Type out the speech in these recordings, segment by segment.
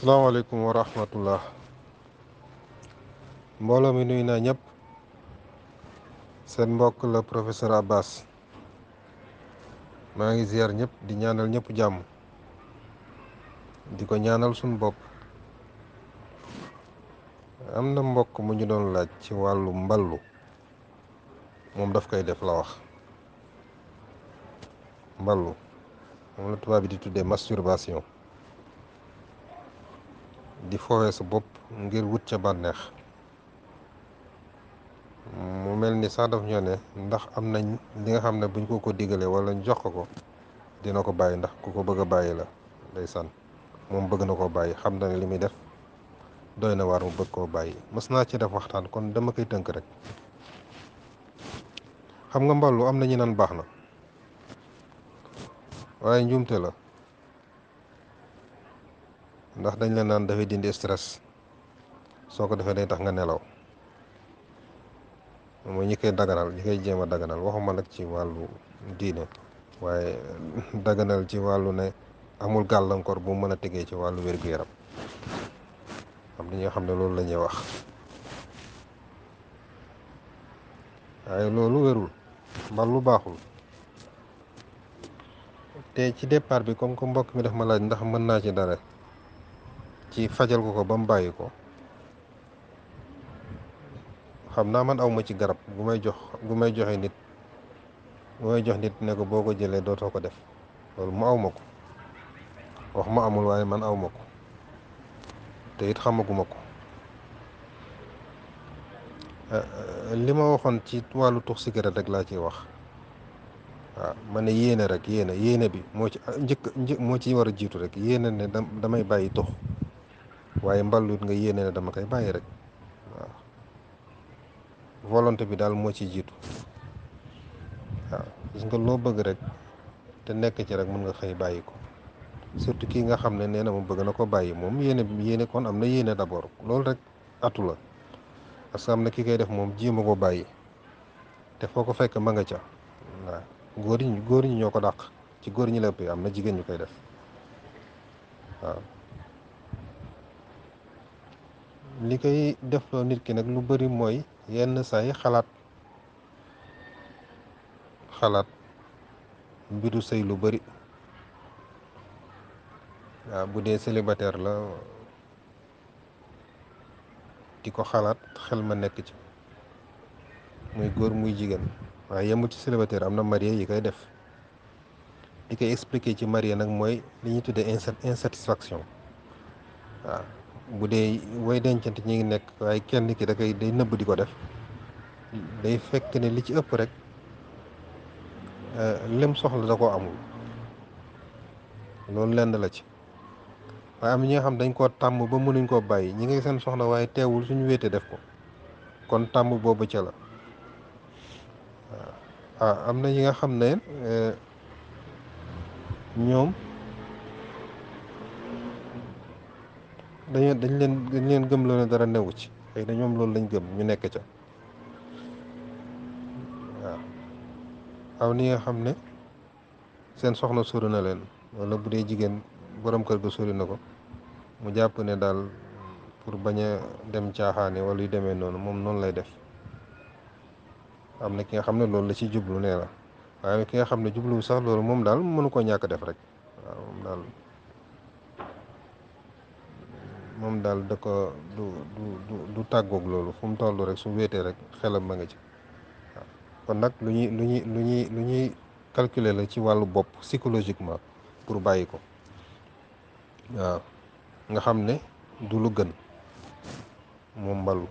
salaamaaleykum wa rahmatullah mbooloo mi nuyu naa ñëpp seen mbokk la professeur Abbas maa ngi ziar ñëpp di ñaanal ñëpp jàmm di ko ñaanal suñu bopp am na mbokk mu ñu doon laaj ci wàllu mballu moom daf koy def la wax mballu moom la tubaab bi di tuddee masturbation di fowee sa bopp ngir wut ca bànneex mu mel ni sax daf ñoo ne ndax am nañ li nga xam ne buñ ko ko digalee wala ñu jox ko ko dina ko bàyyi ndax ku ko bëgg a bàyyi la san moom bëgg na koo bàyyi xam na li muy def doy na waar mu bëgg koo bàyyi mës naa ci def waxtaan kon dama koy tënk rek xam nga mballu am na ñu naan baax na waaye njuumte la ndax dañu la naan dafay dindi stress soo ko defee day tax nga nelaw mooy ñu koy daganal ñi koy jéem a daganal waxuma nag ci wàllu diine waaye daganal ci wàllu ne amul gàllankoor bu mën a tegee ci wàllu wér-gu-yaram am na ñoo xam ne loolu lañuy wax waaye loolu wérul mbal lu baaxul te ci départ bi comme que mbokk mi daf ma laaj ndax mën naa ci dara ci fajal ko ko ba mu bàyyi ko xam naa man awma ci garab gu may jox gu may joxe nit gu may jox nit ne ko boo ko jëlee dootoo ko def loolu mu awma ko wax ma amul waaye man awma ko te it xamaguma ko eh, eh, li ma waxoon ci wàllu tux cigarette rek laa ciy wax waaw ma ne yéene rek yéene yéene bi moo ci njëkk moo ci war a jiitu rek yéene ne damay bàyyi tux waaye mballut nga yéene ne dama koy bàyyi rek waaw volonté bi daal moo ci jiitu waaw gis nga loo bëgg rek te nekk ci rek mun nga xëy bàyyi ko kii nga xam ne nee na mu bëgg na ko bàyyi moom yéene yéene kon am na yéene d'abord loolu rek atula parce que am na ki koy def moom jéema ko bàyyi te foo ko fekk ma nga ca góor ñi góor ñi ñoo ko dàq ci góor ñi lépp am na jigéen ñu koy def waaw li koy defloo nit ki nag lu bari mooy yenn saa yi xalaat xalaat mbiru sëy lu bari waaw bu dee célibataire la di ko xalaat xel ma nekk ci muy góor muy jigéen waaye yemu ci célibataire am na marié yi koy def li koy expliquer ci marié nag mooy li ñuy tuddee insatisfaction waaw bu dee way dencante ñi ngi nekk waaye kenn ki da koy day nëbb di ko def day fekk ne li ci ëpp rek eh, lim soxla da koo amul loolu lenn la ci waaye am ñi nga xam dañ koo tàmm ba mënuñ koo bàyyi ñi nga seen soxla waaye teewul suñu wéetee def ko kon tàmm boobu ca la waaw ah, am na ñi nga xam ne eh, ñoom dañu dañ leen dañ leen gëm la dara newu ci xëy na loolu lañ gëm ñu nekk ca waaw aw ni nga xam ne seen soxna sori na leen wala bu dee jigéen borom kër ga sori na ko mu jàpp ne daal pour bañ a dem caaxaane wala yu demee noonu moom noonu lay def am na ki nga xam ne loolu la ci jublu nee la waaye ki nga xam ne jubluwu sax loolu moom daal mënu koo ñàkk def rek waaw moom daal moom daal da ko du du du tàggoog loolu fu mu toll rek su wéetee rek xelam ma nga ci kon nag lu ñuy lu ñuy lu ñuy lu ñuy calculer la ci wàllu bopp psychologiquement pour bàyyi ko waaw nga xam ne du lu gën moom mballu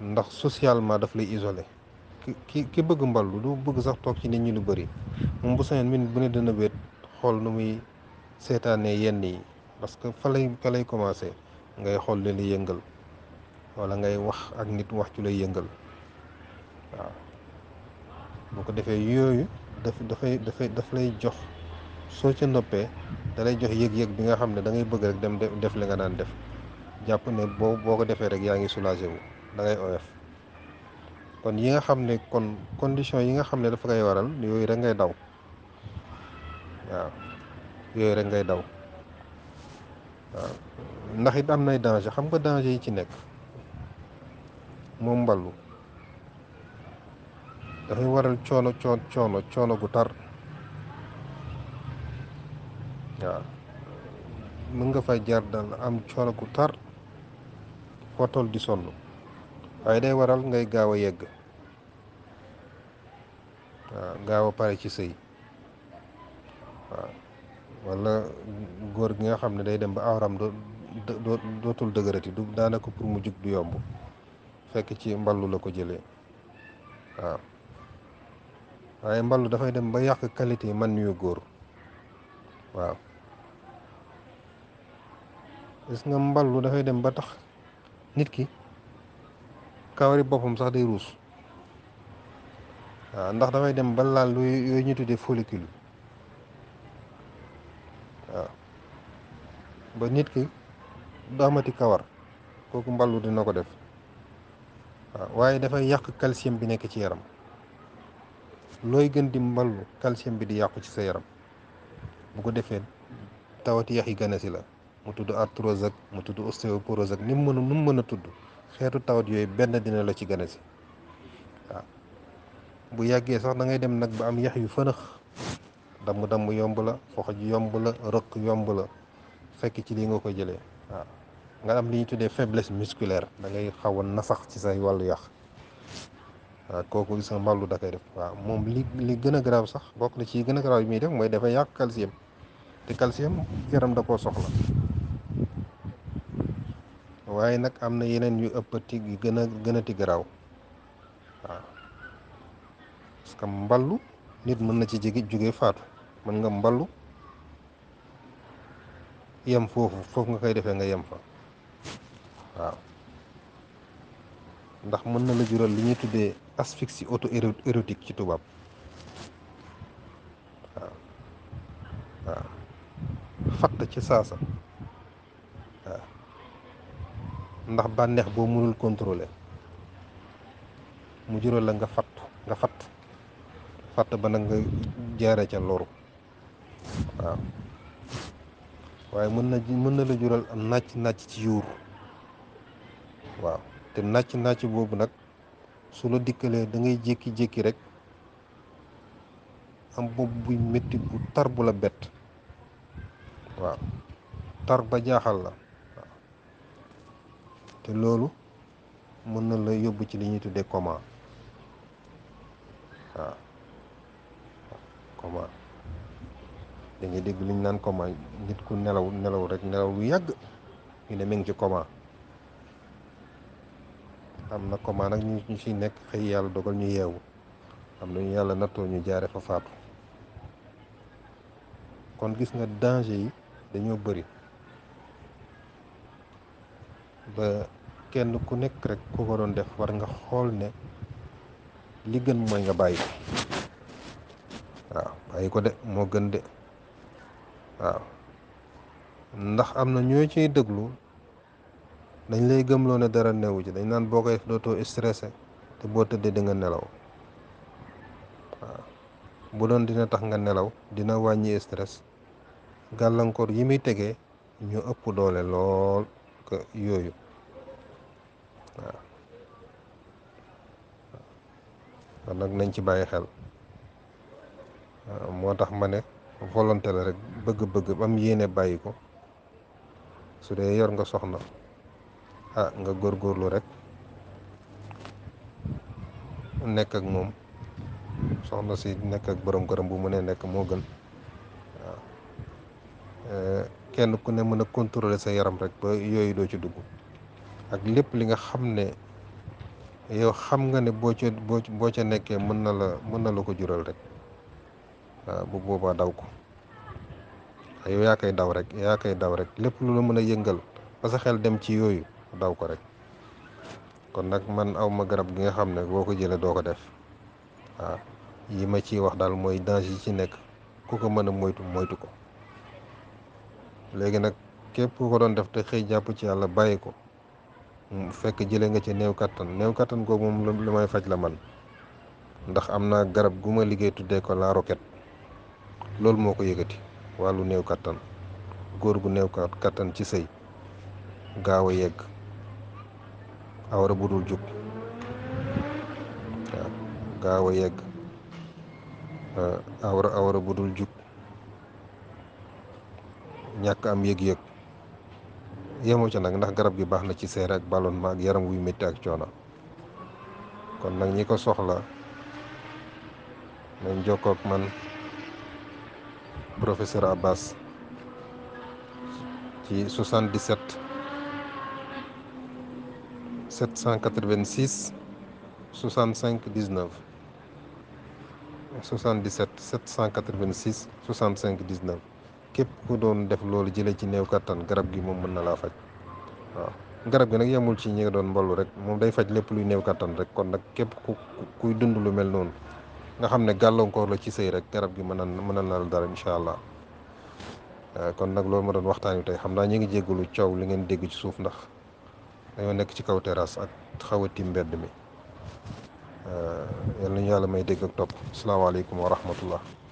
ndax socialement daf la isolé ki ki bëgg mballu du bëgg sax toog ci nit ñi lu bari moom bu sañoon minute ne dana wéet xool nu muy seetaanee yenn yi parce que fa lay fa lay commencé ngay xool li lay yëngal wala ngay wax ak nit wax ci lay yëngal waaw boo ko defee yooyu daf dafay dafay daf lay jox soo ca noppee da lay jox yëg-yëg bi nga xam ne da ngay bëgg rek dem def li nga daan def jàpp ne boo boo ko defee rek yaa ngi soulagé wu oyof kon yi nga xam ne kon condition yi nga xam ne dafa koy waral yooyu rek ngay daw waaw yooyu rek ngay daw ndaxit am nay danger xam nga danger yi ci nekk moom mballu dafay waral coono coono coono gu tar waaw mën nga fa jaar dal am coono gu tar fotol di sonn waaye day waral ngay gaaw a yegg gaaw a pare ci sëy waaw wala góor gi nga xam ne day dem ba awram do dootul dëgërati du daanaka pour mu jug du yomb fekk ci mballu la ko jëlee waaw waaye mballu dafay dem ba yàq qualité man yu góor waaw gis nga mballu dafay dem ba tax nit ki kawari boppam sax day ruus waaw ndax dafay dem ba laal lu yooyu ñu tuddee follicule waaw ba nit ki du kawar kooku mballu dina ko def waaw waaye dafay yàq calcium bi nekk ci yaram looy gën di mballu calcium bi di yàqu ci sa yaram bu ko defee tawat yax yi gën si la mu tudd arthrose mu tudd ostéoporose ni mu mën a nu mu mën a tudd xeetu tawat yooyu benn dina la ci gën a si bu yàggee sax da dem nag ba am yax yu fënax damm-damm yomb la foxoj yomb la rëq yomb la fekk ci lii nga ko jëlee waaw nga am li ñuy tuddee faiblesse musculaire da ngay xaw a nasax ci say wàllu yàq waaw kooku gis nga mballu da koy def waaw moom li li gën garaaw sax bokk na ci gën a garaaw yi muy mooy dafa yàq calcium te calcium yaram da koo soxla nag am na yeneen yu ëppati yu gën gën a ti garaaw waaw parce mballu nit mën na ci jege jóge faatu mën nga mballu yem foofu foofu nga koy defee nga yem fa waaw ndax mën na la jural li ñuy tuddee asphyxie auto érotique ci tubaab waaw waaw fatt ci saasa waaw ndax bànneex boo mënul contrôler mu jural la nga fatt nga fatt fatt ba nag nga jaaree ca loru waaw waaye mën na mën na la jural am nàcc nàcc ci yuur waaw te nàcc nàcc boobu nag su la dikkalee dangay jékki-jékki rek am bopp buy métti bu tar bu la bett waaw tar ba jaaxal la te loolu mën na la yóbbu ci li ñuy tuddee coma waaw da ngay dégg liñ naan coma nit ku nelaw nelaw rek nelaw lu yàgg ñu ne mi ngi ci coma am na coma nag ñu ñu ci nekk xëy yàlla dogal ñu yeewu am na ñu yàlla nattoo ñu jaare fa kon gis nga danger yi dañoo bari ba kenn ku nekk rek ku ko doon def war nga xool ne li gën mooy nga bàyyi waaw bàyyi ko de moo gën de waaw ndax am na ñoo ciy déglu dañ lay gëmloo ne dara newu ci dañ naan boo koy def dootoo te boo tëddee di nga nelaw waaw bu doon dina tax nga nelaw dina wàññi stress gàllankoor yi muy tegee ñu ëpp doole lool que yooyu waaw kon nañ ci bàyyi xel waaw moo tax ma ne volonté la rek bëgg-bëgg bam yéene bàyyi ko su dee yor nga soxna ah nga góorgóorlu rek nekk ak moom soxna si nekk ak borom këram bu mënee nekk moo gën waaw eh, kenn ku ne mën a contrôler sa yaram rek yooyu doo ci dugg ak lépp li nga xam ne yow xam nga ne boo ca boo ca nekkee mën na la mën na la ko jural rek Euh, bu boobaa daw ko ah, yow yaa koy daw rek yaa koy daw rek lépp lu la mën a yëngal ba sa xel dem ci yooyu daw ko rek kon nag man awma garab gi nga xam ne boo ko jëlee doo ko def waaw ah, yi ma ciy wax daal mooy danger yi ci nekk ku ko mën a moytu moytu ko léegi nag képp ku ko doon def te xëy jàpp ci yàlla bàyyi ko mu fekk jëlee nga ci new kattan néew kattan googu moom lu may faj la man ndax am naa garab gu ma liggéey tuddee ko la roquette loolu moo ko yëkkati wàllu néew kattan góor gu néew kattan ci sëy gaaw a yegg awra bu dul jub gaaw a yegg awra awra bu dul jub ñàkk am yëg-yëg yemoo ca nag ndax garab gi baax na ci seere ak ballonnement ak yaram wuy métti ak coono kon nag ñi ko soxla nañ jokkook man professeur Abbas ci 77 786 65 19 77 786 65 19 képp ku doon def loolu jëlee ci néew kattan garab gi moom mën na laa faj waaw garab gi nag yamul ci ñi nga doon mballu rek moom day faj lépp luy néew kattan rek kon nag képp ku kuy dund lu mel noonu nga xam ne gàllankoor la ci sëy rek garab gi mën a mën a naral dara incha allah eh, kon nag loolu ma doon waxtaan wi tey xam naa ñu ngi jéggalu coow li ngeen dégg ci suuf ndax dañoo nekk ci kaw terrasse ak xaw a tiim mbedd mi eh, yal nañu yàlla may dégg ak topp asalaamaaleykum wa rahmatullah